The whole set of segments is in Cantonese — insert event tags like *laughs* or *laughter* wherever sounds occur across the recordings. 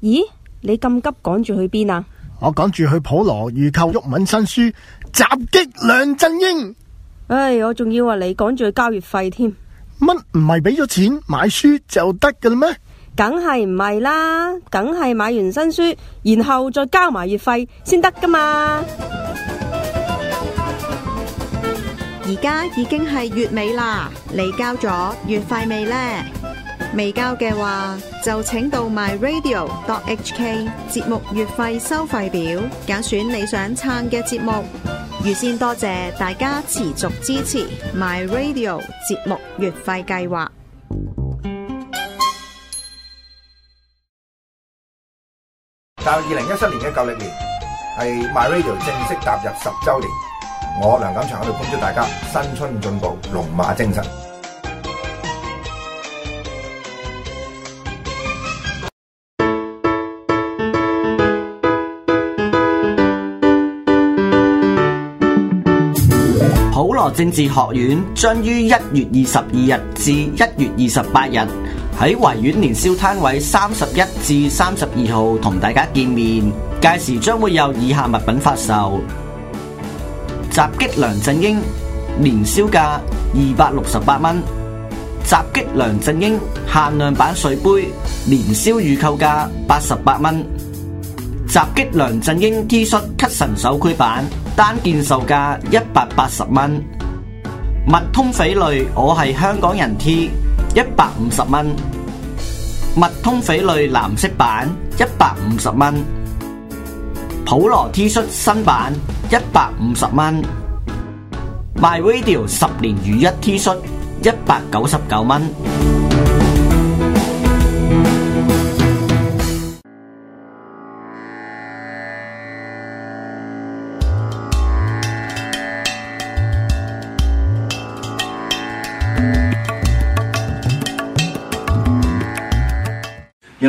咦，你咁急趕住去邊啊？我趕住去普羅預購郁文新書，襲擊梁振英。唉、哎，我仲以為你趕住去交月費添。乜唔係俾咗錢買書就得噶啦咩？梗係唔係啦，梗係買完新書，然後再交埋月費先得噶嘛。而家已經係月尾啦，你交咗月費未呢？未交嘅話，就請到 myradio.hk 節目月費收費表，揀選你想撐嘅節目。預先多謝大家持續支持 myradio 節目月費計劃。到二零一七年嘅舊曆年，係 myradio 正式踏入十周年。我梁錦祥喺度恭祝大家新春進步，龍馬精神。政治學院將於一月二十二日至一月二十八日喺維園年宵攤位三十一至三十二號同大家見面。屆時將會有以下物品發售：《襲擊梁振英》年宵價二百六十八蚊，《襲擊梁振英》限量版水杯年宵預購價八十八蚊，《襲擊梁振英》T 恤吸神手區版單件售價一百八十蚊。麥通翡翠，我係香港人 T 一百五十蚊。麥通翡翠藍色版一百五十蚊。普羅 T 恤新版一百五十蚊。My Radio 十年如一 T 恤一百九十九蚊。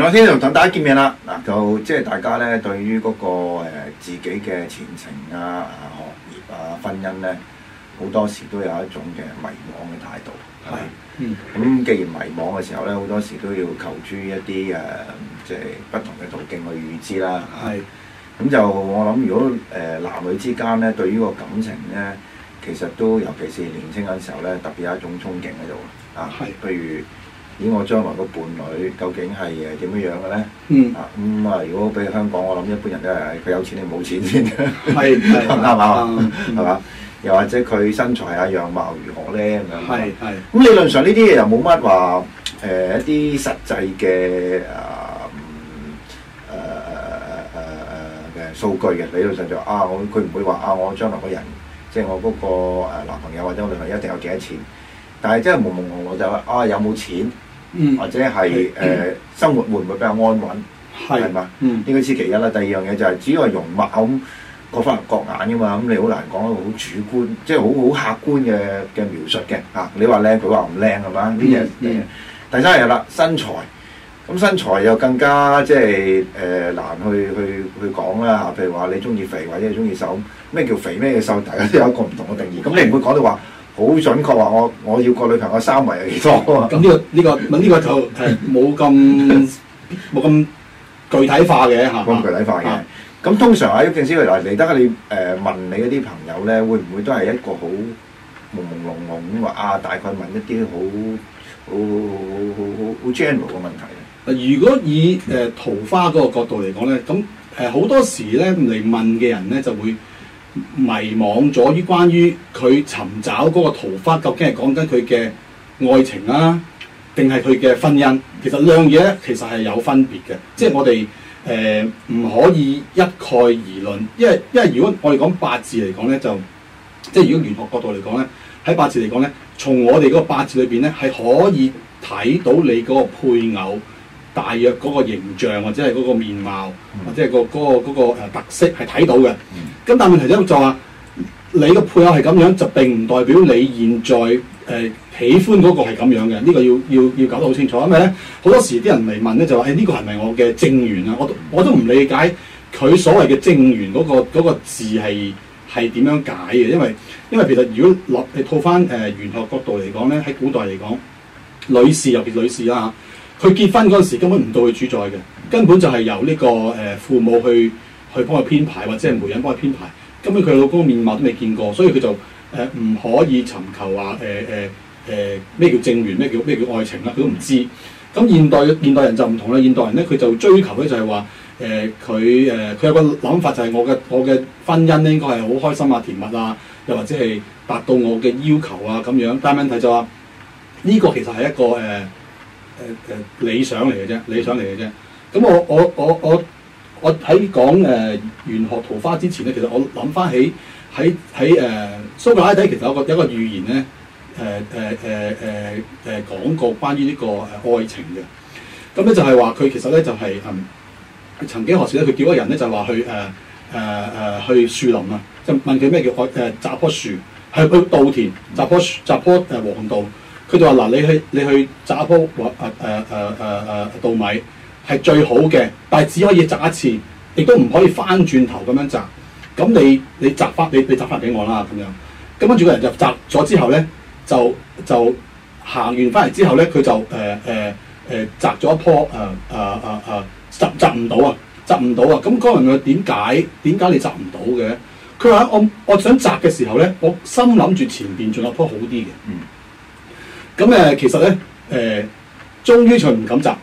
我先就同大家見面啦。嗱，就即、是、係大家咧，對於嗰、那個、呃、自己嘅前程啊、學業啊、婚姻咧，好多時都有一種嘅迷惘嘅態度。係。咁既然迷惘嘅時候咧，好多時都要求諸一啲誒，即、呃、係、就是、不同嘅途徑去預知啦。係是。咁是就我諗，如果誒、呃、男女之間咧，對於個感情咧，其實都尤其是年青嘅時候咧，特別有一種憧憬喺度。啊。係是。譬如是。以我將來個伴侶究竟係點樣樣嘅咧？啊咁啊！如果俾香港，我諗一般人都係，佢有錢定冇錢先係，係嘛？係嘛？又或者佢身材啊、樣貌如何咧？咁樣係，係，咁理論上呢啲嘢又冇乜話誒一啲實際嘅誒誒誒誒嘅數據嘅，理論上就啊，佢佢唔會話啊，我將來個人即係我嗰個男朋友或者我女朋友一定有幾多錢，但係真係朦朦朧就話啊有冇錢？或者係誒生活會唔會比較安穩係嘛是？應該似其一啦。第二樣嘢就係，主要係容貌咁各花各眼㗎嘛，咁你好難講一個好主觀，即係好好客觀嘅嘅描述嘅。啊，你話靚佢話唔靚係嘛？呢樣第，第三樣嘢啦，身材。咁身材又更加即係誒難去去去講啦。嚇，譬如話你中意肥或者中意瘦，咩叫肥咩叫瘦，瘦，大家都有一個唔同嘅定義。咁、嗯、你唔會講到話。好準確話我我要個女朋友三圍係幾多？咁呢、呢個呢、呢個咁呢個就冇咁冇咁具體化嘅，冇咁具體化嘅。咁 *laughs* 通常喺一啲先嚟嚟得你誒問你嗰啲朋友咧，會唔會都係一個好朦朦朧朧咁話啊？或者大概問一啲好好好好好好 general 嘅問題嗱，如果以誒、呃、桃花嗰個角度嚟講咧，咁誒好多時咧嚟問嘅人咧就會。迷惘咗於關於佢尋找嗰個桃花，究竟係講緊佢嘅愛情啊，定係佢嘅婚姻？其實兩樣嘢咧，其實係有分別嘅，即係我哋誒唔可以一概而論，因為因為如果我哋講八字嚟講咧，就即係如果玄學角度嚟講咧，喺八字嚟講咧，從我哋嗰個八字裏邊咧，係可以睇到你嗰個配偶。大約嗰個形象或者係嗰個面貌或者係、嗰個嗰、嗰個嗰、嗰個、特色係睇到嘅。咁、嗯、但係問題就就話你嘅配偶係咁樣，就並唔代表你現在誒、呃、喜歡嗰個係咁樣嘅。呢、呢個要要要搞得好清楚，因為咧好多時啲人嚟問咧就話：誒、哎、呢、呢個係咪我嘅正緣啊？我都我都唔理解佢所謂嘅正緣嗰、嗰個嗰個字係係點樣解嘅？因為因為其實如果攞係套翻誒玄學角度嚟講咧，喺古代嚟講，女士特別女士啊。佢結婚嗰陣時根本唔到佢主宰嘅，根本就係由呢個誒、呃、父母去去幫佢編排，或者係媒人幫佢編排。根本佢老公面貌都未見過，所以佢就誒唔可以尋求話誒誒誒咩叫正緣，咩叫咩叫愛情啦，佢都唔知。咁現代現代人就唔同啦，現代人咧佢就追求咧就係話誒佢誒佢有個諗法就係我嘅我嘅婚姻咧應該係好開心啊、甜蜜啊，又或者係達到我嘅要求啊咁樣。但係問題就話呢個其實係一個誒。呃呃誒誒理想嚟嘅啫，理想嚟嘅啫。咁我我我我我喺講誒《玄學桃花》之前咧，其實我諗翻起喺喺誒蘇格拉底其實有個有個寓言咧誒誒誒誒誒講過關於呢個誒愛情嘅。咁咧就係話佢其實咧就係、是嗯、曾經何時咧，佢叫一個人咧就話去誒誒誒去樹林啊，就問佢咩叫愛誒？摘、呃、棵樹，去去稻田摘棵樹，摘棵誒黃道。佢就話：嗱，你去你去摘一樖或誒誒誒誒稻米係最好嘅，但係只可以摘一次，亦都唔可以翻轉頭咁樣摘。咁你你摘翻你你摘翻俾我啦咁樣。咁跟住個人就摘咗之後咧，就就行完翻嚟之後咧，佢就誒誒誒摘咗一樖誒誒誒誒摘摘唔到啊，摘唔到啊！咁嗰個人話點解點解你摘唔到嘅？佢話我我想摘嘅時候咧，我心諗住前邊仲有樖好啲嘅。嗯。咁誒，其實咧，誒、呃，終於從唔敢摘，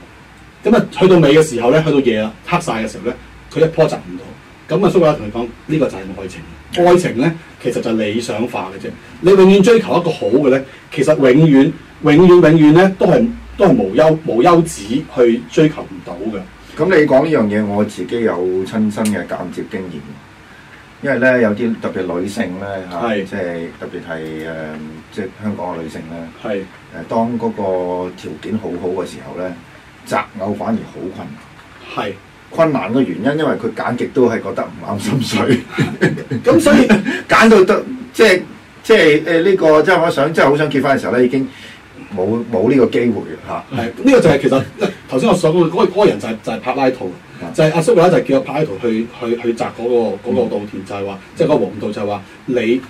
咁啊，去到尾嘅時候咧，去到夜啊，黑晒嘅時候咧，佢一波摘唔到。咁啊，叔啊，同你講，呢個就係愛情。愛情咧，其實就理想化嘅啫。你永遠追求一個好嘅咧，其實永遠、永遠、永遠咧，都係都係無休無休止去追求唔到嘅。咁你講呢樣嘢，我自己有親身嘅間接經驗。因為咧，有啲特別女性咧嚇是、呃，即係特別係誒，即係香港嘅女性咧。係誒是，當嗰個條件好好嘅時候咧，擇偶反而好困難。係是困難嘅原因，因為佢揀極都係覺得唔啱心水。咁所以揀 *laughs* 到得，即係即係誒呢個，即係我想，即係好想結婚嘅時候咧，已經冇冇呢個機會嘅嚇。呢是個就係其實頭先 *laughs* 我所講嗰個人就係、是、就係、是、柏拉圖，就係阿叔話就叫阿 p a t 去去去摘嗰、那個稻、那個、田就，就係話即係嗰個黃稻就話、是、你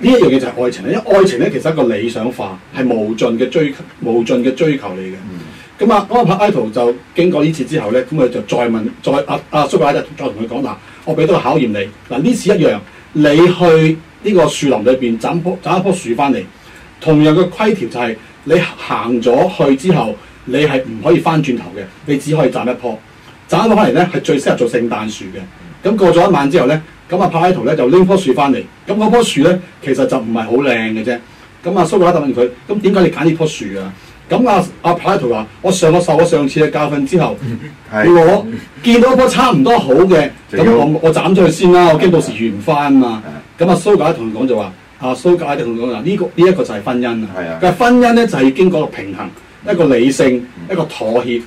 呢一樣嘢就係愛情咧，因為愛情咧其實一個理想化，係無盡嘅追求，無盡嘅追求嚟嘅。咁啊、嗯，阿 p a t 就經過呢次之後咧，咁佢就再問，再阿阿叔話就再同佢講嗱，我俾多個考驗你嗱，呢、啊、次一樣，你去呢個樹林裏邊斬棵斬一棵樹翻嚟，同樣嘅規條就係、是、你行咗去之後，你係唔可以翻轉頭嘅，你只可以斬一棵。斬咗翻嚟咧，係最適合做聖誕樹嘅。咁過咗一晚之後咧，咁阿柏拉圖咧就拎棵樹翻嚟。咁嗰棵樹咧其實就唔係好靚嘅啫。咁阿、啊、蘇格拉底問佢：咁點解你揀呢棵樹呢啊？咁啊阿柏拉圖話：我上個受我上次嘅教訓之後， *laughs* 的我見到棵差唔多好嘅，咁好我我斬咗佢先啦。我驚到時完唔翻嘛。咁阿的、啊、蘇格拉同佢講就話：阿、啊、蘇格拉同佢講嗱，呢、這個呢一、這個就係婚姻啊。但係的婚姻咧就係、是、經過一個平衡、一個理性、一個妥協。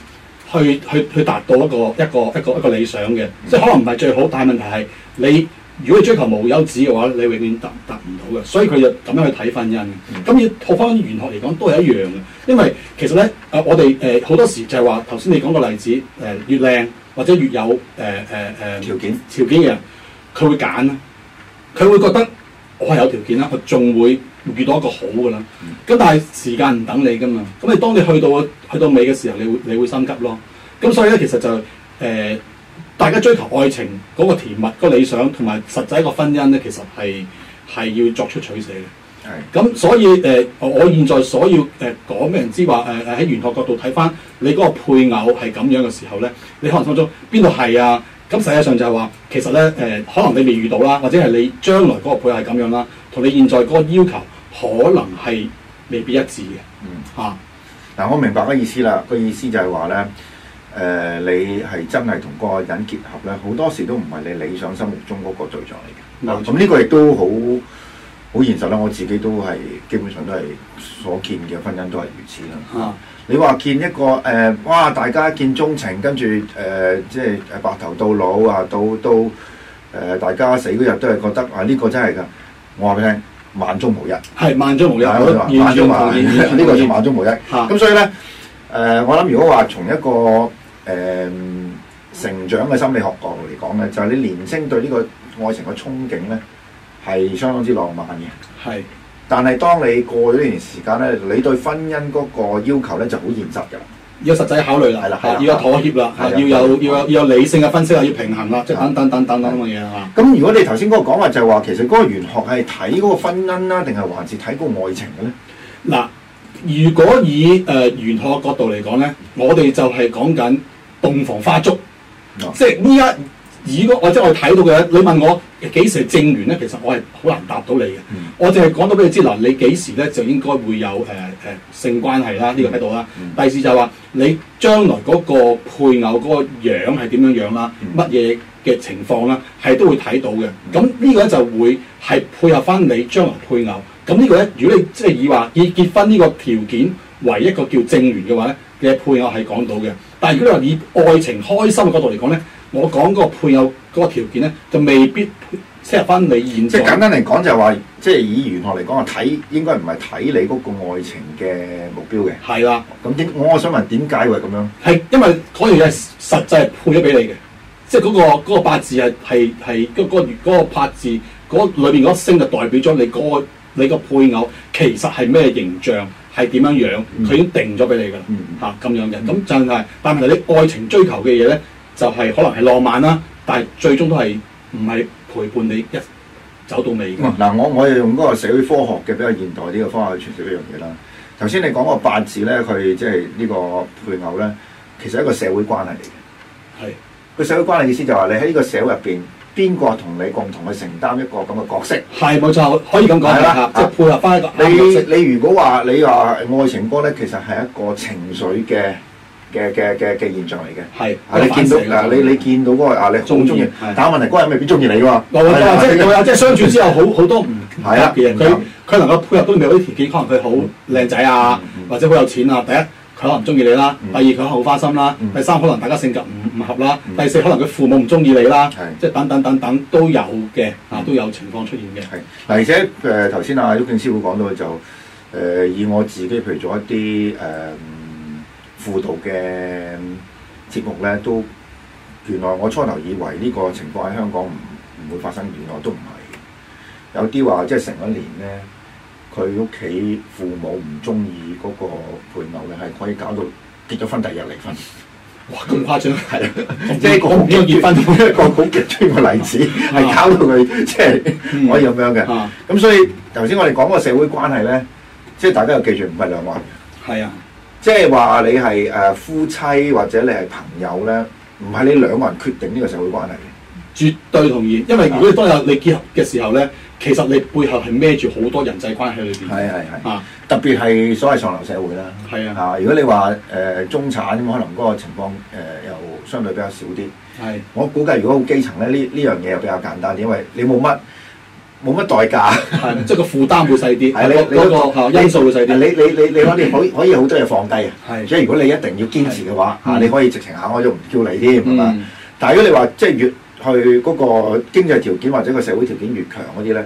去去去達到一個一個一個一個理想嘅，即係可能唔係最好，但係問題係你如果你追求無休止嘅話，你永遠達達唔到嘅，所以佢就咁樣去睇婚姻。咁要、嗯、學翻玄學嚟講都係一樣嘅，因為其實咧，誒、啊、我哋誒好多時就係話頭先你講個例子，誒、呃、越靚或者越有誒誒誒條件條件嘅人，佢會揀啦，佢會覺得。我係有條件啦，佢仲會遇到一個好嘅啦。咁但係時間唔等你噶嘛，咁你當你去到去到尾嘅時候，你會你會心急咯。咁所以咧，其實就誒、呃、大家追求愛情嗰個甜蜜、個理想同埋實際一個婚姻咧，其實係係要作出取捨嘅。係咁的，所以誒、呃，我現在所要誒、呃、講俾人知話誒誒，喺、呃、玄學角度睇翻你嗰個配偶係咁樣嘅時候咧，你可能心中邊度係啊？咁實際上就係話，其實咧，誒，可能你未遇到啦，或者係你將來嗰個配係咁樣啦，同你現在嗰個要求可能係未必一致嘅。嗯，嚇、啊。嗱，我明白個意思啦。個意思就係話咧，誒、呃，你係真係同個人結合咧，好多時都唔係你理想心目中嗰個對象嚟嘅。嗱白，咁呢個亦都好，好現實啦。我自己都係，基本上都係所見嘅婚姻都係如此啦。嚇、啊！你話見一個誒，哇、呃！大家一見鍾情，跟住誒，即係白頭到老啊，到到誒、呃，大家死嗰日都係覺得啊，呢、這個真係㗎！我話俾你聽，萬中無一。係萬中無一。完全冇。呢個就萬中無一。咁所以咧誒、呃，我諗如果話從一個誒、呃、成長嘅心理學角度嚟講咧，就係、是、你年青對呢個愛情嘅憧憬咧，係相當之浪漫嘅。係。但係，當你過咗呢段時間咧，你對婚姻嗰個要求咧就好現實嘅啦，要有實際考慮啦，係啦的，要有妥協啦，的要有的要有的要有理性嘅分析啦，要平衡啦，即的等等等等等等嘅嘢嚇。咁的如果你頭先嗰個講法就係話，就是、其實嗰個玄學係睇嗰個婚姻啦，定係還是睇個愛情嘅咧？嗱，如果以誒、呃、玄學角度嚟講咧，我哋就係講緊洞房花燭，即係呢一。如果我即係我睇到嘅，你問我幾時係正緣咧？其實我係好難答到你嘅。嗯、我淨係講到俾你知、呃、啦，你幾時咧就應該會有誒誒性關係啦。呢個睇到啦。第二就係、是、話你將來嗰個配偶嗰、那個樣係點樣樣啦，乜嘢嘅情況啦，係都會睇到嘅。咁呢個咧就會係配合翻你將來配偶。咁呢個咧，如果你即係以話以結婚呢個條件為一個叫正緣嘅話咧，你嘅配偶係講到嘅。但係如果你話以愛情開心嘅角度嚟講咧，我講嗰個配偶嗰個條件咧，就未必 s 合 t 翻你現在。即簡單嚟講，就係話，即以玄學嚟講，睇應該唔係睇你嗰個愛情嘅目標嘅。係啦的。咁點？我我想問點解會係咁樣？係因為嗰樣嘢實際配咗俾你嘅，即嗰、那個嗰八字係係係嗰個八字嗰裏邊嗰一星就代表咗你、那個你個配偶其實係咩形象，係點樣樣，佢已經定咗俾你噶啦嚇咁樣嘅。咁就係、是，嗯、但問你愛情追求嘅嘢咧。就係可能係浪漫啦，但係最終都係唔係陪伴你一走到尾嘅。嗱、嗯，我我又用嗰個社會科學嘅比較現代啲嘅方法去傳說呢樣嘢啦。頭先你講嗰個八字咧，佢即係呢個配偶咧，其實係一個社會關係嚟嘅。係是，社係個社會關係意思就係你喺呢個社會入邊，邊個同你共同去承擔一個咁嘅角色？係冇錯，可以咁講嘅，即係吧配合翻一個。啊啊、你你，你如果話你話愛情歌咧，其實係一個情緒嘅。嘅嘅嘅嘅現象嚟嘅，係你見到嗱，你你見到嗰個啊，你中唔中意？但問題嗰個人未必中意你喎，即係相處之後，好好多唔合嘅人，佢佢能夠配合到你嗰啲條件，可能佢好靚仔啊，或者好有錢啊。第一，佢可能唔中意你啦；第二，佢好花心啦；第三，可能大家性格唔唔合啦；第四，可能佢父母唔中意你啦。即係等等等等都有嘅，啊都有情況出現嘅。係嗱，而且誒頭先阿毓証師傅講到就誒，以我自己譬如做一啲誒。輔導嘅節目咧都原來我初頭以為呢個情況喺香港唔唔會發生，原來都唔係。有啲話即係成一年咧，佢屋企父母唔中意嗰個配偶，係可以搞到結咗婚第二日離婚。哇！咁誇張係， *laughs* 即係一個結婚，一個好極端嘅例子，係 *laughs* 搞到佢即係可以咁樣嘅。咁、啊、所以頭先我哋講個社會關係咧，即係大家又記住唔係兩話。係啊。即係話你係誒夫妻或者你係朋友咧，唔係你兩個人決定呢個社會關係嘅。絕對同意，因為如果你當日你結合嘅時候咧，其實你背後係孭住好多人際關係裏邊。係係係啊，特別係所謂上流社會啦。係啊，啊，如果你話誒、呃、中產咁，可能嗰個情況誒、呃、又相對比較少啲。係，我估計如果好基層咧，呢呢樣嘢又比較簡單啲，因為你冇乜。冇乜代價，即係個負擔會細啲，係嗰嗰個因素會細啲。你你你你可以可以可以好多嘢放低啊！即係如果你一定要堅持嘅話，嚇你可以直情下我都唔叫你添，但係如果你話即係越去嗰個經濟條件或者個社會條件越強嗰啲咧，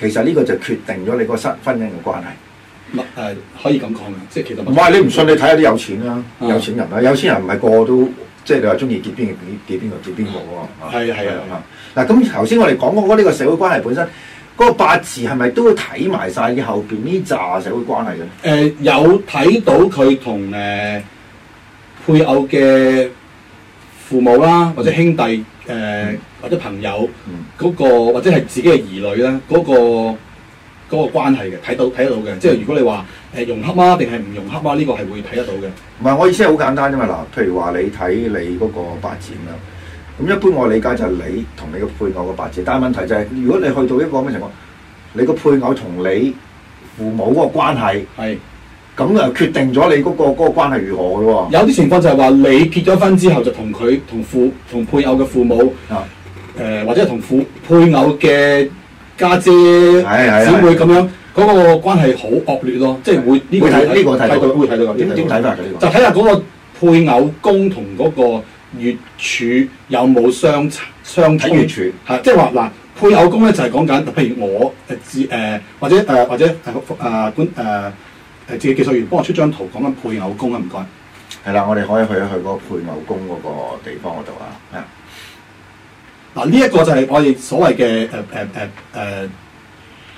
其實呢個就決定咗你個婚姻嘅關係。係可以咁講嘅，即係其實唔係你唔信，你睇下啲有錢啦，有錢人啦，有錢人唔係個個都即係你話中意結邊結結邊個結邊個喎？係係啊！嗱，咁頭先我哋講嗰個呢個社會關係本身。嗰個八字係咪都睇埋晒嘅後邊呢紮社會關係嘅？誒、呃、有睇到佢同誒配偶嘅父母啦，或者兄弟誒，呃嗯、或者朋友嗰、嗯嗰個，或者係自己嘅兒女咧，嗰、嗰個嗰、嗰個關係嘅睇到睇得到嘅。到嗯、即係如果你話誒融洽啊，定係唔融洽啊，呢、呢個係會睇得到嘅。唔係我意思係好簡單啫嘛嗱，譬如話你睇你嗰個八字咁。咁一般我理解就係你同你個配偶個八字，但係問題就係如果你去到一個咩情況，你個配偶同你父母嗰個關係係咁啊，決定咗你嗰個嗰個關係如何嘅。有啲情況就係話你結咗婚之後就同佢同父同配偶嘅父母啊，誒或者同父配偶嘅家姐、姊妹咁樣嗰個關係好惡劣咯，即係會呢個睇呢個睇到，睇到點點睇法就睇下嗰個配偶宮同嗰個。月柱有冇相相睇月柱嚇，即係話嗱，配偶宮咧就係講緊，譬如我誒自誒或者誒、呃、或者誒誒管自己技術員幫我出張圖講緊配偶宮啊，唔該。係啦，我哋可以去一去嗰個配偶宮嗰個地方嗰度啊。係嗱呢一個就係我哋所謂嘅誒誒誒誒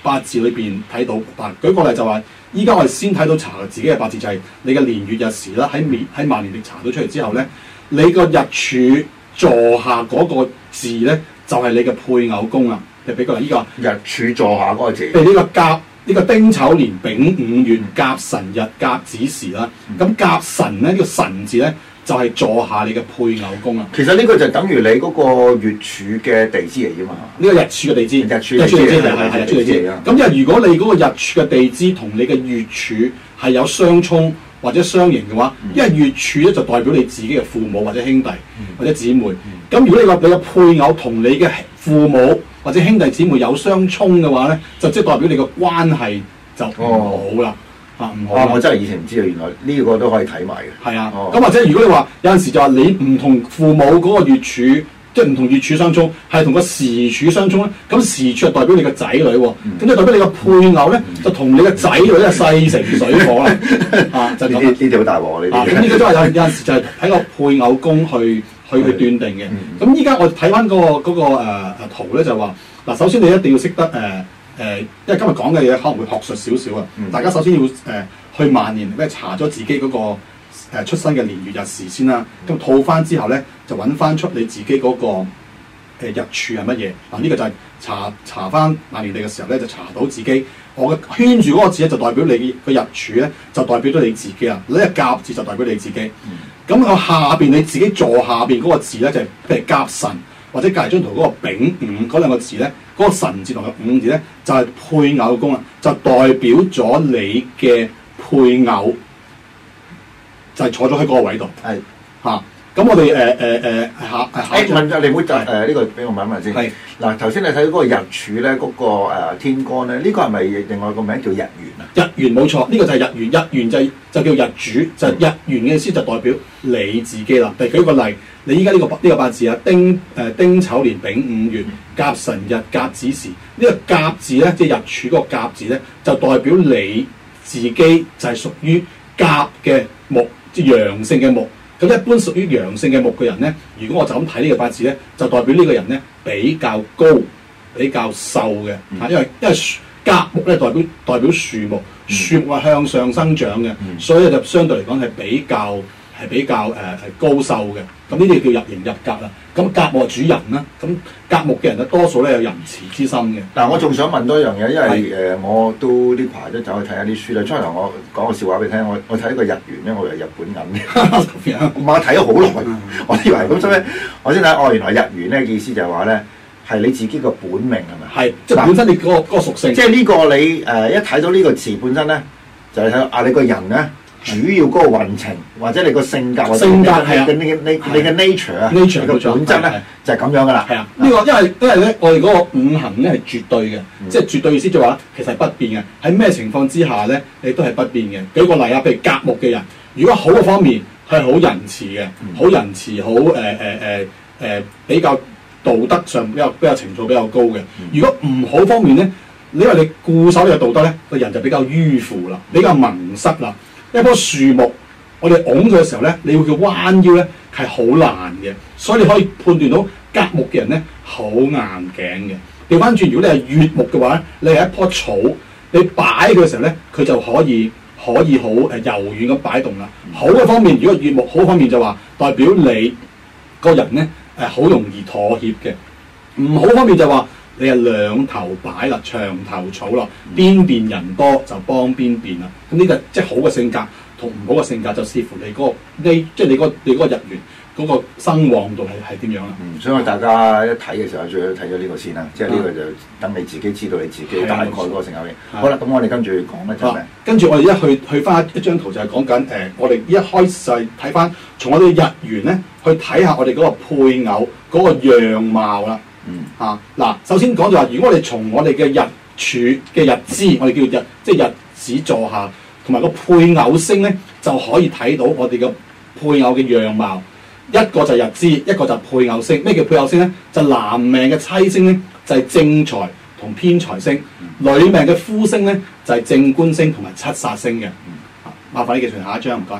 八字裏邊睇到，嗱舉個例就話、是，依家我哋先睇到查自己嘅八字，就係、是、你嘅年月日時啦，喺面喺萬年歷查到出嚟之後咧。你個日柱坐下嗰個字咧，就係你嘅配偶宮啦。你俾佢例，依個日柱坐下嗰個字，係呢個甲呢個丁丑年丙午月甲辰日甲子時啦。咁甲辰咧呢個辰字咧，就係坐下你嘅配偶宮啦。其實呢個就等於你嗰個月柱嘅地支嚟㗎嘛。呢個日柱嘅地支，日柱地支係係係日柱地支。咁就係如果你嗰個日柱嘅地支同你嘅月柱係有相沖，或者相刑嘅話，嗯、因為月柱咧就代表你自己嘅父母或者兄弟、嗯、或者姊妹。咁、嗯、如果你話你個配偶同你嘅父母或者兄弟姊妹有相沖嘅話咧，就即係代表你個關係就唔好啦，嚇唔、哦、好、哦。我真係以前唔知道原來呢個都可以睇埋嘅。係啊，咁、哦、或者如果你話有陣時就話你唔同父母嗰個月柱。即係唔同月柱相衝，係同個時柱相衝咧。咁時柱代表你個仔女喎，咁就代表你個配偶咧，就同你個仔女嘅細成水火啦。啊，呢呢條好大鑊喎！呢呢個都係有有陣時就係睇個配偶宮去去去斷定嘅。咁依家我睇翻嗰個嗰個誒誒圖咧，就話嗱，首先你一定要識得誒誒，因為今日講嘅嘢可能會學術少少啊。大家首先要誒去萬年咩查咗自己嗰個。誒出生嘅年月日時先啦，啊，咁、嗯、套翻之後咧，就揾翻出你自己嗰個日柱係乜嘢嗱？呢、啊這個就係查查翻萬年歷嘅時候咧，就查到自己我嘅圈住嗰個字咧，就代表你嘅日柱咧，就代表咗你自己啦。你、這、嘅、個、甲字就代表你自己，咁個、嗯、下邊你自己坐下邊嗰個字咧，就係譬如甲辰，或者隔住張圖嗰個丙午嗰兩個字咧，嗰、那個辰字同個午字咧，就係、是、配偶宮啊，就代表咗你嘅配偶。係坐咗喺個位度，係嚇。咁我哋誒誒誒嚇誒問阿李會就誒呢個俾我問問先。係嗱是，頭先你睇到嗰個日柱咧，嗰、那個、呃、天干咧，呢、這個係咪另外個名叫日元啊？日元冇錯，呢、這個就係日元。日元就就叫日柱，就是、日元嘅意思就代表你自己啦。第、嗯、舉個例，你依家呢個呢、這個八字啊，丁誒、呃、丁丑年丙午月甲辰日甲子時，呢、這個甲字咧即係日柱個甲字咧，就代表你自己就係屬於甲嘅木。即係陽性嘅木，咁一般屬於陽性嘅木嘅人咧，如果我就咁睇呢個八字咧，就代表呢個人咧比較高、比較瘦嘅，嚇、嗯，因為因為甲木咧代表代表樹木，樹木係向上生長嘅，嗯、所以就相對嚟講係比較。係比較誒係高瘦嘅，咁呢啲叫入型入格啦。咁格木嘅主人啦，咁格木嘅人咧多數咧有仁慈之心嘅。但係，我仲想問多一樣嘢，因為誒是、呃、我都呢排都走去睇下啲書啦。出嚟我講個笑話俾你聽，我我睇個日元咧，我係日本人嘅，唔係，我睇咗好耐，我以為咁，所以，我先睇哦，原來日元咧嘅意思就係話咧係你自己個本命係咪？係是，嗎即係本身你、嗰個、嗰個屬性。即係呢個你誒、呃、一睇到呢個詞本身咧，就係睇啊你個人咧。主要嗰個運程，或者你個性格性格係你嘅 nature 啊，nature 嘅、啊、本質咧就係咁樣噶啦。係啊，呢個因為因為咧，我哋嗰個五行咧係絕對嘅，嗯、即係絕對意思就話咧，其實係不變嘅。喺咩情況之下咧，你都係不變嘅。舉個例啊，譬如甲木嘅人，如果好嘅方面係好仁慈嘅，好、嗯、仁慈，好誒誒誒誒比較道德上比較比較情操比較高嘅。如果唔好方面咧，你話你固守呢個道德咧，個人就比較迂腐啦，嗯、比較矇塞啦。一棵樹木，我哋拱佢嘅時候咧，你要叫彎腰咧係好難嘅，所以你可以判斷到甲木嘅人咧好硬頸嘅。調翻轉，如果你係乙木嘅話咧，你係一棵草，你擺佢嘅時候咧，佢就可以可以好誒柔軟咁擺動啦。好嘅方面，如果乙木好方面就話代表你個人咧誒好容易妥協嘅，唔好方面就話、是。你係兩頭擺啦，牆頭草啦，邊邊、嗯、人多就幫邊邊啦。咁呢、這個即係、就是、好嘅性格，同唔好嘅性格就視乎你、那個你即係、就是、你、那個你個日元嗰、那個生旺度係係點樣啦。嗯，所以大家一睇嘅時候，最好睇咗呢個先啦。即係呢個就等你自己知道你自己大概嗰個性格好啦，咁我哋跟住講咧就是、跟住我哋一去去翻一張圖就講，就係講緊誒，我哋一開世睇翻，從我哋日元咧去睇下我哋嗰個配偶嗰、那個樣貌啦。嗯啊嗱，首先講就話，如果我哋從我哋嘅日柱嘅日支，我哋叫日即日子座下，同埋個配偶星咧，就可以睇到我哋嘅配偶嘅樣貌。一個就日支，一個就配偶星。咩叫配偶星咧？就是、男命嘅妻星咧，就係、是、正財同偏財星；嗯、女命嘅夫星咧，就係、是、正官星同埋七殺星嘅、嗯。麻煩你繼續下一張，唔該。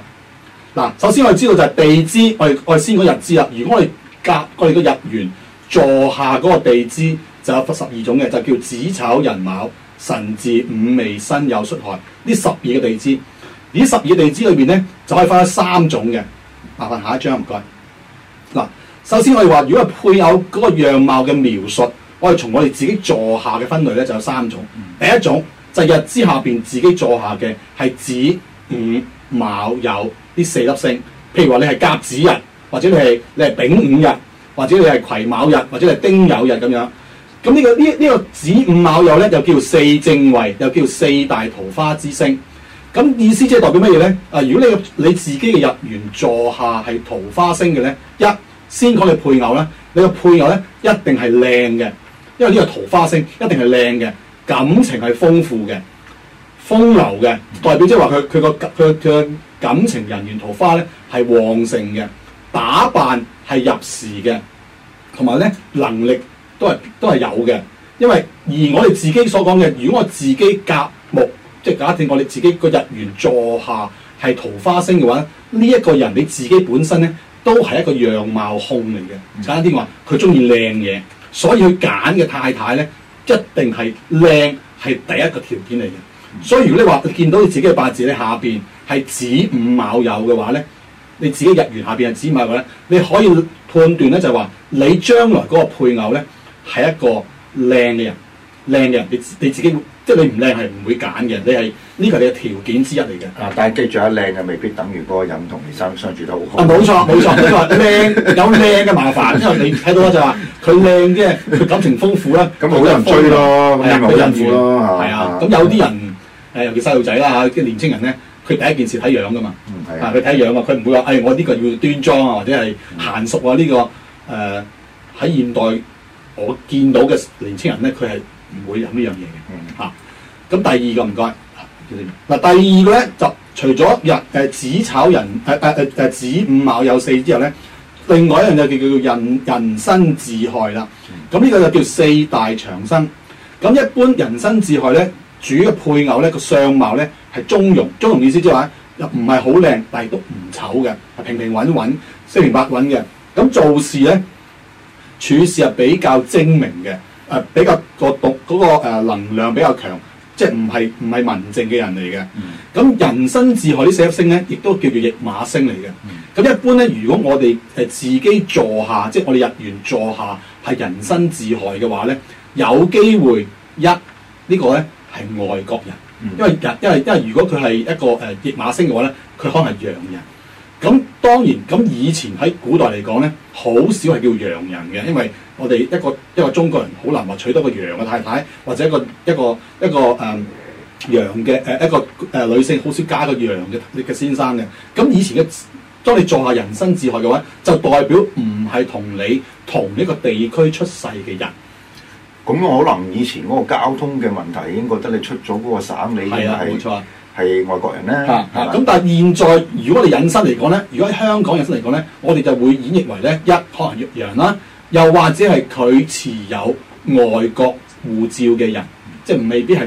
嗱、啊，首先我哋知道就係地支，我哋我先講日支啦。如果我哋隔，我哋嘅日元。坐下嗰個地支就有十二種嘅，就叫子丑寅卯辰巳午未申酉戌亥。呢十二嘅地支，呢十二地支裏邊咧就可以分咗三種嘅。麻煩下一張唔該。嗱，首先我哋話，如果配偶嗰個樣貌嘅描述，我哋從我哋自己坐下嘅分類咧就有三種。嗯、第一種就係日支下邊自己坐下嘅係子午卯酉呢四粒星，譬如話你係甲子日，或者你係你係丙午日。或者你係癸卯日，或者係丁酉日咁樣，咁呢個呢呢個子午卯酉咧，又叫四正位，又叫四大桃花之星。咁意思即係代表乜嘢咧？啊，如果你你自己嘅日元坐下係桃花星嘅咧，一先講你配偶咧，你嘅配偶咧一定係靚嘅，因為呢個桃花星一定係靚嘅，感情係豐富嘅，風流嘅，代表即係話佢佢個佢佢感情人緣桃花咧係旺盛嘅。打扮係入時嘅，同埋咧能力都係都係有嘅。因為而我哋自己所講嘅，如果我自己甲木，即係假設我哋自己個日元坐下係桃花星嘅話，呢、這、一個人你自己本身咧都係一個樣貌控嚟嘅。簡單啲話，佢中意靚嘢，所以佢揀嘅太太咧一定係靚係第一個條件嚟嘅。嗯、所以如果你話見到你自己嘅八字咧下邊係子午卯酉嘅話咧。你自己日元下邊嘅指咪話咧，你可以判斷咧就係話你將來嗰個配偶咧係一個靚嘅人，靚嘅人你你自己，即係你唔靚係唔會揀嘅。你係呢個你嘅條件之一嚟嘅。啊，但係記住啊，靚嘅未必等於嗰個人同你相相處得好好。冇錯冇錯，因為靚有靚嘅麻煩，因為你睇到就話佢靚，即係佢感情豐富啦，咁好多人追咯，好人緣咯，係啊，咁有啲人誒，尤其細路仔啦嚇，即係年青人咧，佢第一件事睇樣噶嘛。啊！佢睇樣啊，佢唔會話：誒、uh, like，我呢個要端莊啊，或者係賢淑啊。呢個誒喺現代我見到嘅年青人咧，佢係唔會諗呢樣嘢嘅。嚇！咁第二個唔該。嗱，第二個咧就除咗人誒指炒人誒誒誒指五貌有四之後咧，另外一樣就叫叫人人生自害啦。咁呢個就叫四大長生」。咁一般人生自害咧，主嘅配偶咧個相貌咧係中庸。中庸意思即係話。又唔係好靚，但係都唔醜嘅，係平平穩穩、四平八穩嘅。咁、嗯、做事咧、處事係比較精明嘅，誒、呃、比較個獨嗰個、個、呃、能量比較強，即係唔係唔係文靜嘅人嚟嘅。咁、嗯、寅申巳亥啲四粒星咧，亦都叫做驛馬星嚟嘅。咁、嗯、一般咧，如果我哋誒自己坐下，即係我哋日元坐下係寅申巳亥嘅話咧，有機會一、這個、呢個咧係外國人。因為人，因為因為如果佢係一個誒驛、呃、馬星嘅話咧，佢可能係洋人。咁當然，咁以前喺古代嚟講咧，好少係叫洋人嘅，因為我哋一個一個中國人好難話娶到個洋嘅太太，或者一個一個一個誒、呃、洋嘅誒、呃、一個誒、呃呃呃呃呃、女性好少嫁個洋嘅嘅先生嘅。咁以前嘅當你做下人生字號嘅話，就代表唔係同你同一個地區出世嘅人。咁可能以前嗰個交通嘅問題，已經覺得你出咗嗰個省，你已經係、冇錯、係外國人咧。咁、啊啊啊、但係現在，如果你引申嚟講咧，如果喺香港引申嚟講咧，我哋就會演繹為咧一可能越洋啦，又或者係佢持有外國護照嘅人，即係未必係誒、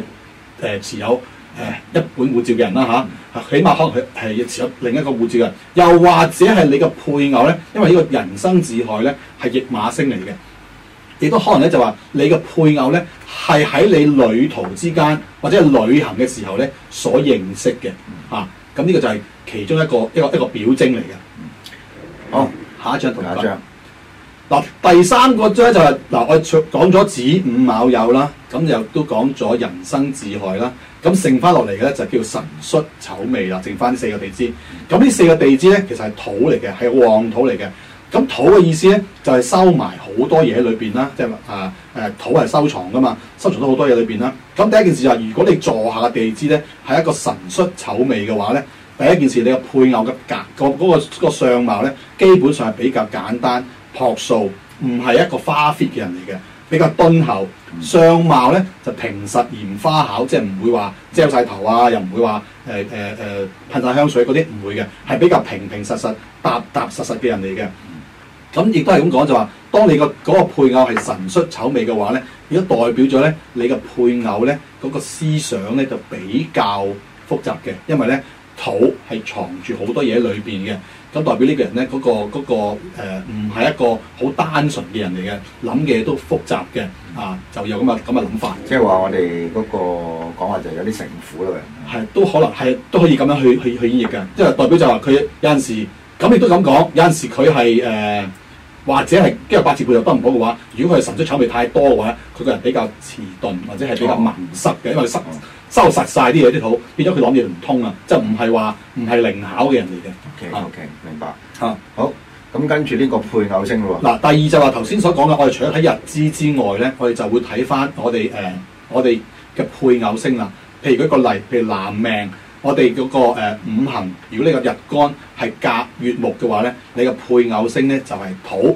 呃、持有誒、呃、一本護照嘅人啦吓，起碼可能係持有另一個護照嘅人，又或者係你嘅配偶咧，因為呢個人生自害咧係逆馬星嚟嘅。亦都可能咧，就話你嘅配偶咧係喺你旅途之間或者係旅行嘅時候咧所認識嘅，吓，咁呢個就係其中一個一個一個表徵嚟嘅。好、哦，下一張同下一張嗱，第三個章就係、是、嗱，我講咗子午卯酉啦，咁又都講咗寅申巳亥啦，咁剩翻落嚟嘅咧就叫辰戌丑未啦，剩翻呢四個地支。咁呢四個地支咧，其實係土嚟嘅，係黃土嚟嘅。咁土嘅意思咧，就係收埋好多嘢喺裏邊啦，即係啊誒，土係收藏㗎嘛，收藏咗好多嘢裏邊啦。咁第一件事就係、是，如果你坐下地支咧係一個辰戌丑未嘅話咧，第一件事你個配偶嘅格，格、嗰個嗰、嗰個嗰個相貌咧，基本上係比較簡單樸素，唔係一個花弗嘅人嚟嘅，比較敦厚。相貌咧就平實而不花巧，即係唔會話遮晒頭啊，又唔會話誒誒誒噴晒香水嗰啲，唔會嘅，係比較平平實實、踏踏實實嘅人嚟嘅。咁亦都係咁講，就話：當你個嗰個配偶係辰戌丑未嘅話咧，如果代表咗咧你嘅配偶咧嗰個思想咧就比較複雜嘅，因為咧土係藏住好多嘢喺裏邊嘅。咁代表呢個人咧、那、嗰個嗰個誒唔係一個好單純嘅人嚟嘅，諗嘅嘢都複雜嘅，啊就有咁嘅咁嘅諗法。即係話我哋嗰個講話就有啲城府啦，係都可能係都可以咁樣去去去演繹嘅，即係代表就話佢有陣時咁亦都咁講，有陣時佢係誒。呃或者係因為八字配又得唔到嘅話，如果佢神出草味太多嘅話，佢個人比較遲鈍或者係比較盲塞嘅，因為塞收實晒啲嘢啲好，變咗佢諗嘢唔通 okay，啊，即係唔係話唔係靈巧嘅人嚟嘅。OK OK，明白嚇、啊、好咁，跟住呢個配偶星咯喎。嗱、啊，第二就話頭先所講嘅，我哋除咗睇日支之，之外咧，我哋就會睇翻我哋誒、呃、我哋嘅配偶星啦。譬如一個例，譬如男命。我哋嗰個誒五行，如果你個日干係甲、乙木嘅話咧，你個配偶星咧就係土；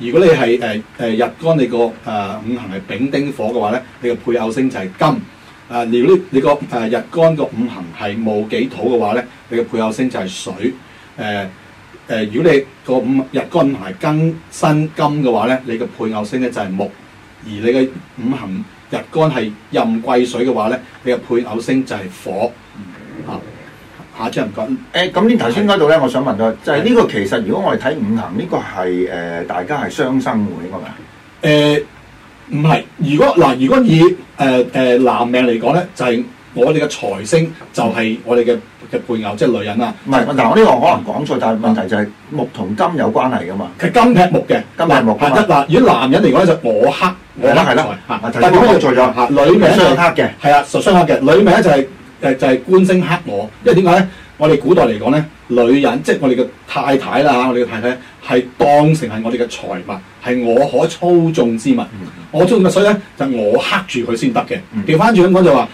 如果你係誒誒日干你個誒、呃、五行係丙丁火嘅話咧，你個配偶星就係金；啊、呃呃呃呃，如果你你個誒日干個五行係戊己土嘅話咧，你個配偶星就係水；誒誒，如果你個五日干係庚辛金嘅話咧，你個配偶星咧就係木；而你嘅五行日干係壬癸水嘅話咧，你個配偶星就係火。吓，下張唔該。誒，咁呢頭先嗰度咧，我想問咗，就係呢個其實如果我哋睇五行，呢個係誒大家係雙生會，係咪？誒，唔係。如果嗱，如果以誒誒男命嚟講咧，就係我哋嘅財星就係我哋嘅嘅配偶，即係女人啦。唔係嗱，我呢個可能講錯，但係問題就係木同金有關係噶嘛。佢金劈木嘅，金劈木。係啦，嗱，如果男人嚟講咧就摸黑，係啦係啦，吓，就係咁做咗。女命就雙黑嘅，係啊，雙雙黑嘅。女命咧就係。誒就係官星克我，因為點解咧？我哋古代嚟講咧，女人即係、就是、我哋嘅太太啦嚇，我哋嘅太太係當成係我哋嘅財物，係我可操縱之物。嗯、我操縱之物，所以咧就是、我克住佢先得嘅。調翻轉咁講就話，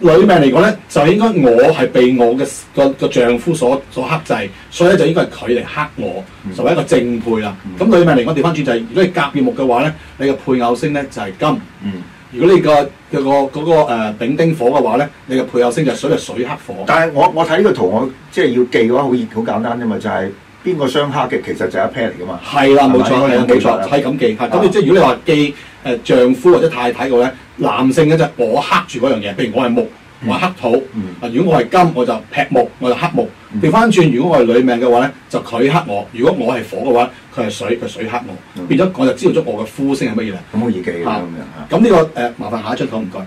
女命嚟講咧，就應該我係被我嘅嗰個丈夫所所剋制，所以咧就應該係佢嚟克我，作、嗯、為一個正配啦。咁、嗯、女命嚟講，我調翻轉就係、是，如果係甲乙木嘅話咧，你嘅配偶星咧就係金。嗯如果你、嗰個、嗰個個嗰個丙丁火嘅話咧，你嘅配偶星就水，就水克火。但係我我睇呢個圖，我即係要記嘅話，好易好簡單啫嘛，就係、是、邊個雙克嘅，其實就一 pair 嚟噶嘛。係啦、啊，冇錯，冇錯，係、就、咁、是、記。咁你、啊啊、即係如果你話記誒、呃、丈夫或者太太個咧，男性就啫，我克住嗰樣嘢。譬如我係木，嗯、我克土。嗯、如果我係金，我就劈木，我就克木。調翻轉，如果我係女命嘅話咧，就佢克我；如果我係火嘅話，佢係水，佢水克我。嗯、變咗我就知道咗我嘅呼聲係乜嘢啦。咁好易記㗎。咁呢、啊這個誒、呃，麻煩下一張台，唔該。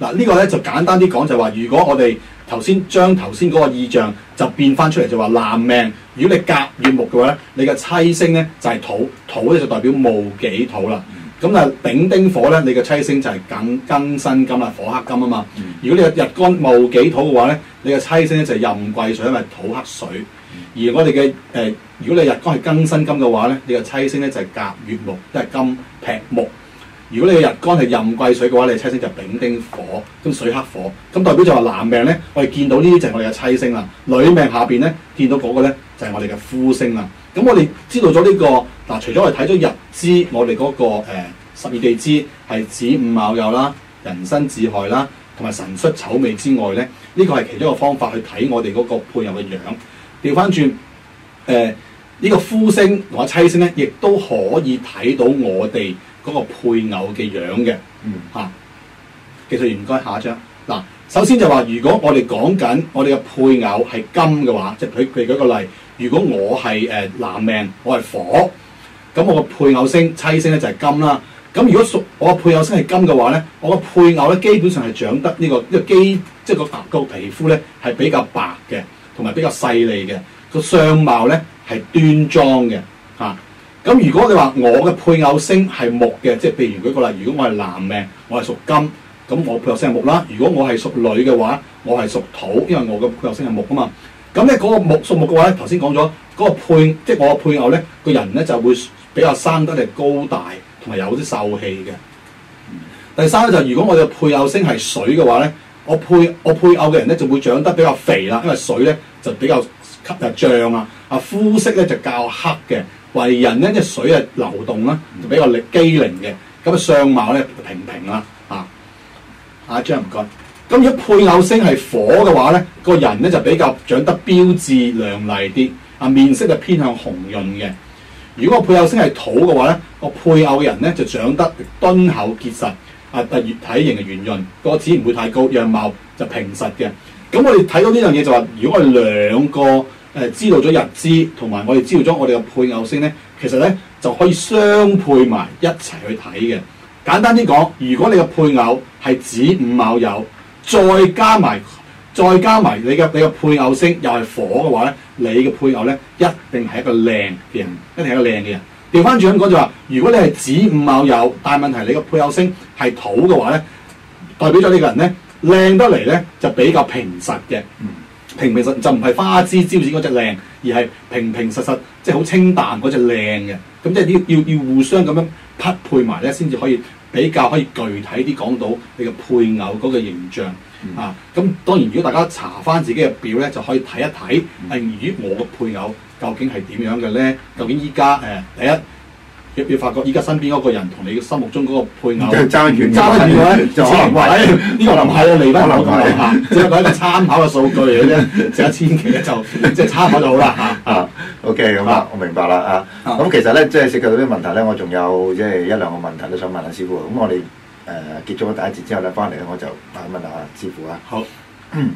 嗱、啊，這個、呢個咧就簡單啲講，就話、是、如果我哋頭先將頭先嗰個意象就變翻出嚟，就話男命，如果你甲乙木嘅話咧，你嘅妻星咧就係、是、土，土咧就代表戊己土啦。咁啊，丙丁火咧，你嘅妻星就係庚庚辛金啊，火克金啊嘛。嗯、如果你嘅日干戊己土嘅話咧，你嘅妻星咧就係壬癸水，因為土克水。嗯、而我哋嘅誒，如果你日干係庚辛金嘅話咧，你嘅妻星咧就係甲乙木，都係金劈木。如果你嘅日干係壬癸水嘅話，你嘅妻星就丙丁火，咁水克火，咁代表就話男命咧，我哋見到呢啲就係我哋嘅妻星啦。女命下邊咧，見到嗰個咧就係、是、我哋嘅夫星啦。咁我哋知道咗呢、這個嗱，除咗係睇咗日支，我哋嗰、那個、呃、十二地支係子午卯酉啦、寅申巳亥啦，同埋辰戌丑未之外咧，呢個係其中一個方法去睇我哋嗰個配偶嘅樣。調翻轉誒呢個夫星同埋妻星咧，亦都可以睇到我哋嗰個配偶嘅樣嘅。嗯，嚇、啊，其實唔該下一張。嗱，首先就話如果我哋講緊我哋嘅配偶係金嘅話，即係佢譬如舉個例。如果我係誒男命，我係火，咁我個配偶星、妻星咧就係、是、金啦。咁如果屬我個配偶星係金嘅話咧，我個配偶咧基本上係長得呢、呢個，呢個肌就是、個呢為肌即係個個皮膚咧係比較白嘅，同埋比較細膩嘅，個相貌咧係端莊嘅。嚇、啊，咁如果你話我嘅配偶星係木嘅、啊，即係譬如舉個例，如果我係男命，我係屬金，咁我配偶星係木啦。如果我係屬女嘅話，我係屬土，因為我嘅配偶星係木啊嘛。咁咧嗰個木數木嘅話咧，頭先講咗嗰個配，即係我個配偶咧，個人咧就會比較生得係高大同埋有啲秀氣嘅。第三咧就係、如果我嘅配偶星係水嘅話咧，我配我配偶嘅人咧就會長得比較肥啦，因為水咧就比較吸誒漲啊，啊膚色咧就較黑嘅，為人咧只水係流動啦，就比較靈機靈嘅，咁啊相貌咧平平啦，啊，阿、啊、張唔該。咁如果配偶星係火嘅話咧，個人咧就比較長得標緻亮麗啲，啊面色就偏向紅潤嘅。如果配偶星係土嘅話咧，個配偶人咧就長得敦厚結實，啊特別體型嘅圓潤，個子唔會太高，樣貌就平實嘅。咁我哋睇到呢樣嘢就話、是，如果我哋兩個誒、呃、知道咗日支，同埋我哋知道咗我哋嘅配偶星咧，其實咧就可以相配埋一齊去睇嘅。簡單啲講，如果你嘅配偶係子午卯酉。再加埋，再加埋你嘅你嘅配偶星又係火嘅話咧，你嘅配偶咧一定係一個靚嘅人，一定係一個靚嘅人。調翻轉咁講就話，如果你係子午卯酉，但係問題你嘅配偶星係土嘅話咧，代表咗呢個人咧靚得嚟咧就比較平實嘅，嗯、平平實就唔係花枝招展嗰隻靚，而係平平實實即係好清淡嗰隻靚嘅。咁即係要要要互相咁樣匹配埋咧，先至可以。比較可以具體啲講到你嘅配偶嗰個形象、嗯、啊，咁當然如果大家查翻自己嘅表咧，就可以睇一睇誒，如果、嗯啊、我嘅配偶究竟係點樣嘅咧？究竟依家誒第一，要要發覺，依家身邊嗰個人同你心目中嗰個配偶爭遠爭近嘅，就可能離呢個就唔係啦，離婚樓價樓價，只係一個一參考嘅數據嚟嘅啫、 *laughs* 嗯，成千幾就即係參考就好啦嚇。啊，OK，咁啊，我明白啦啊。咁其實咧，即係涉及到啲問題咧，我仲有即係一兩個問題都想問下師傅。咁我哋誒結束咗第一節之後咧，翻嚟咧我就問一問啊師傅啊。好。嗯